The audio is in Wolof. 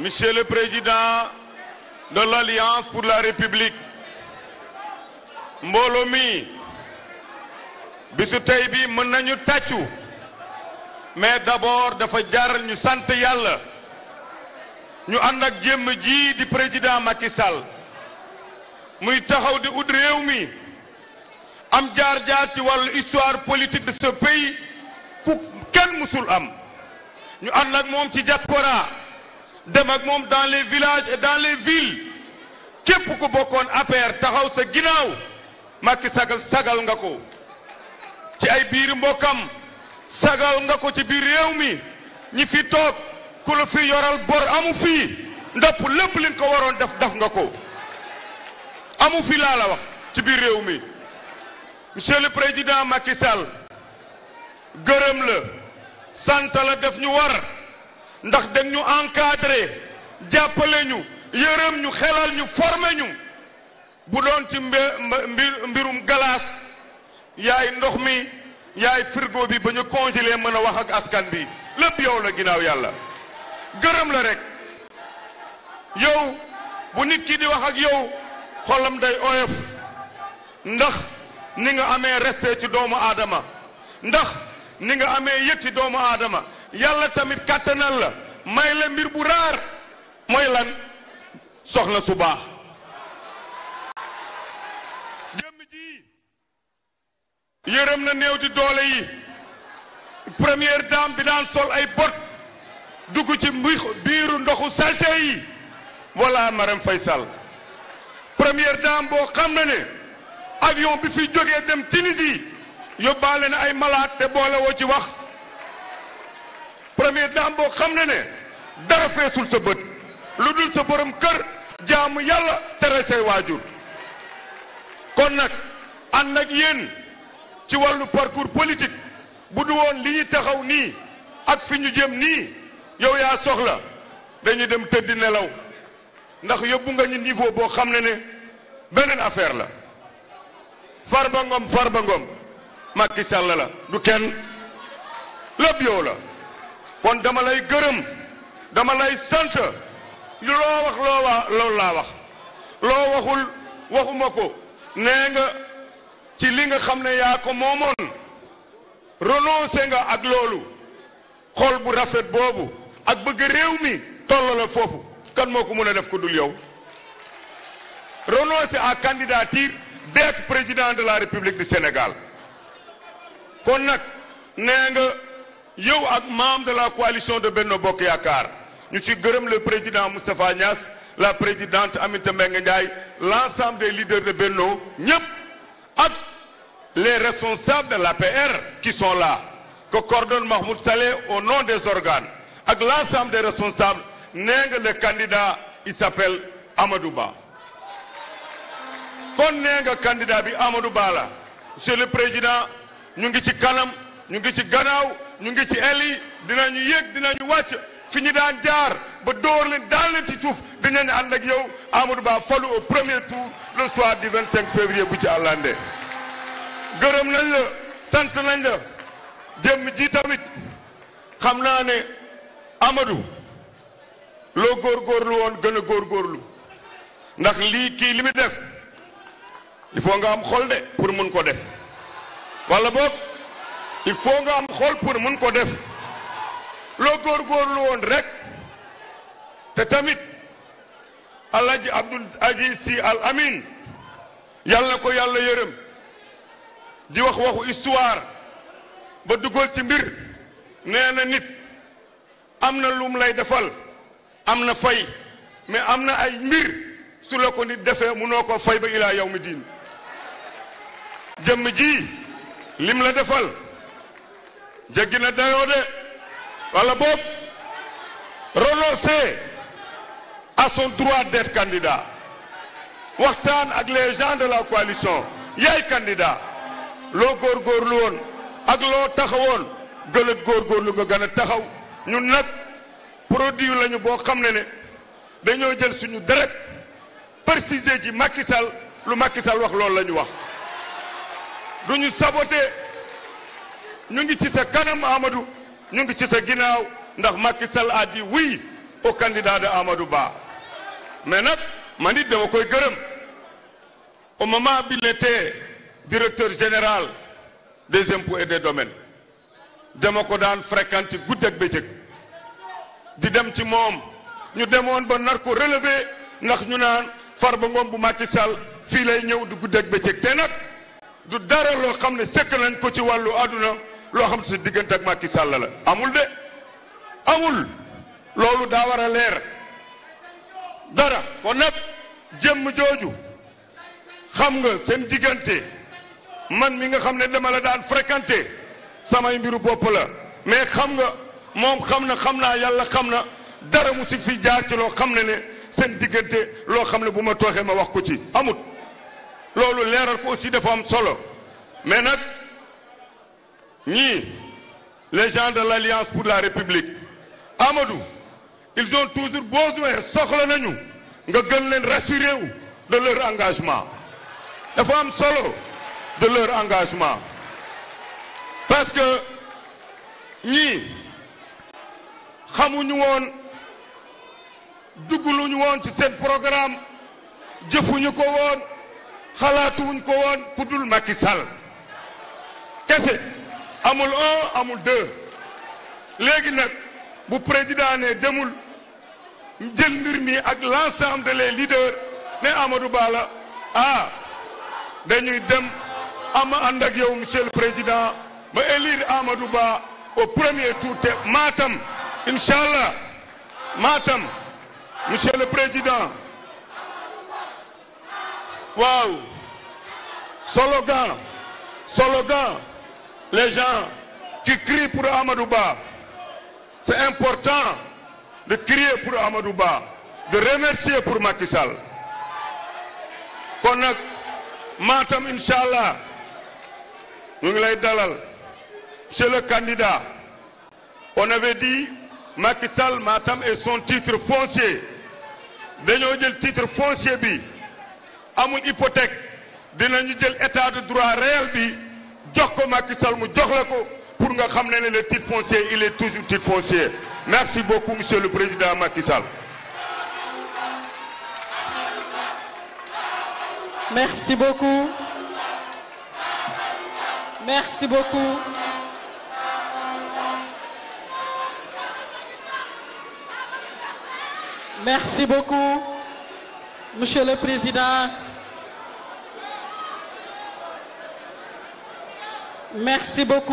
Monsieur le Président de l'Alliance pour la République mbooloo mi bisu tey bi mën nañu tàccu mais d'abord dafa jar ñu sant yàlla ñu ànd ak jëmm ji di président Macky muy taxaw di ut réew mi am jaar-jaar ci wàllu histoire politique de ce pays ku kenn mësul am ñu ànd ak moom ci diaspora dem ak moom dans les village dans les villes képp ku bokkoon APR taxaw sa ginnaaw Macky sagal sagal nga ko ci ay biir mbokkam sagal nga ko ci biir réew mi ñi fi toog ku la fi yoral bor amu fi ndapp lépp liñ ko waroon def def nga ko amu fi laa la wax ci biir réew mi monsieur le président Macky Sall gërëm la sant la def ñu war ndax dañ ñu encadré jàppale ñu yërëm ñu xelal ñu former ñu bu doon ci mbirum galaas yaay ndox mi yaay frigo bi ba ñu congelé mën a wax ak askan bi lépp yow la ginnaaw yàlla gërëm la rek yow bu nit ki di wax ak yow xolam day oyof ndax ni nga amee respect ci doomu aadama ndax ni nga amee yëg ci doomu aadama yàlla tamit kàttanal la may la mbir bu raar mooy lan soxna su baax jëmm ji yërëm na néew di doole yi première dame bi daan sol ay bot dugg ci biiru ndoxu salte yi voilà Marème Faye Sall première dame boo xam na ne avion bi fi jógee dem Tunisie yóbbaale na ay malaat te boole ci wax vietnam boo xam ne ne dara feesul sa bët lu dul sa borom kër jaamu yàlla tere say waajur kon nag ànd ak yéen ci wàllu parcours politique bu du woon li ñu taxaw nii ak fi ñu jëm nii yow yaa soxla dañuy dem tëdd nelaw ndax yóbbu nga ñu niveau boo xam ne ne beneen affaire la Farba Ngom Farba Ngom Macky Sall la du kenn lépp yow la kon dama lay gërëm dama lay sant loo wax loo waa loolu laa wax loo waxul waxuma ko nee nga ci li nga xam ne yaa ko moomoon renoncé nga ak loolu xol bu rafet boobu ak bëgg réew mi toll la foofu kan moo ko mën a def ko dul yow renoncer à candidature d'être président de la République du Sénégal kon nag nee yow ak membre de la coalition de Benno Bokk Yaakaar ñu ci gërëm le président Moustapha Niass la présidente Aminata Mbengue Ndiaye l'ensemble des leaders de Benno ñëpp ak les responsables de l'APR qui sont la que coordonne Mahmoud Saleh au nom des organes ak l'ensemble des responsables nee nga le candidat il s'appelle Amadou Ba kon candidat bi Amadou Ba la monsieur le président ñu ngi ci kanam ñu ngi ci gannaaw ñu ngi ci el yi dinañu dina ñu wàcc fi ñu daan jaar ba door leen daal leen ci suuf dinañu ànd ak yow Amadou Ba falu au premier tour le soir du 25 février bu ci àllande gërëm nañ la sant nañ la jëmm ji tamit xam naa ne Amadou loo góor góorgóorlu woon gën a góorlu ndax lii kii li muy def il faut nga am xol de pour mun ko def wala boog. il faut nga am xol pour mun ko def loo góorgóorlu woon rek te tamit alhaji abdul aziz si al amin yàlla na ko yàlla yërëm di wax waxu histoire ba dugal ci mbir nee na nit am na lum lay defal am na fay mais am na ay mbir su la ko nit defee noo ko fay ba ilaa yow mi diin jëmm ji lim la defal jéggi na dayoo de wala boog renoncer à droit d'être candidat waxtaan ak les gens de la coalition yaay candidat loo góorgóorlu woon ak loo taxawoon gën a góorgóorlu nga gën a taxaw ñun nag produit lañu boo xam ne ne dañoo jël suñu deret préciser ci Macky Sall lu Macky wax loolu la ñu wax duñu saboter ñu ngi ci sa kanam amadu ñu ngi ci sa ginnaaw ndax Macky Sall a dit oui au candidat de Amadou Ba mais nag man it dama koy gërëm au moment te il directeur général des impôts et des domaines dama ko daan fréquenté guddi ak bëccëg di dem ci moom ñu demoon ba nar ko relever ndax ñu naan ba Ngom bu Macky Sall fii lay ñëw di guddi ak bëccëg te nag du dara loo xam ne sekk nañ ko ci wàllu àdduna loo xam si diggante ak Macky Sall la amul de amul loolu daa war a leer dara kon nag jëmm jooju xam nga seen diggante man mi nga xam ne dama la daan fréquenté samay mbiru bopp la mais xam nga moom xam na xam naa yàlla xam na dara mu si fi jaar ci loo xam ne ne seen diggante loo xam ne bu ma tooxee ma wax ko ci amut loolu leeral ko aussi dafa am solo mais nag ñii les gens de l'Alliance pour la République Amadou ils ont toujours besoin soxla nañu nga gën leen rassurer wu de leur engagement dafa solo de leur engagement parce que ñii xamuñu woon dugguluñu woon ci seen programme jëfuñu ko woon xalaatuwuñ ko woon ku dul Macky Sall kese amul un amul deux léegi nag bu président ne demul jël mbir mi ak l'ensemble de les leaders ne Amadou Ba la ah dañuy dem ama ànd ak yow monsieur le président ma élire Amadou Ba au premier tour te Matam incha Matam monsieur le président waaw slogan slogan les gens qui crient pour Amadouba. C'est important de crier pour Amadouba, de remercier pour Macky Sall. kon nag Matam incha allah ñu ngi lay dalal monsieur le candidat on avait dit Macky Sall Matam et son titre foncier dañoo jël titre foncier bi amul hypothèque dinañu jël état de droit réel bi. jox ko Macky Sall mu jox la ko pour nga xam ne ne le titre foncier il est toujours titre foncier merci beaucoup monsieur le président Macky Sall. merci beaucoup. merci beaucoup. merci beaucoup monsieur le président. Merci beaucoup.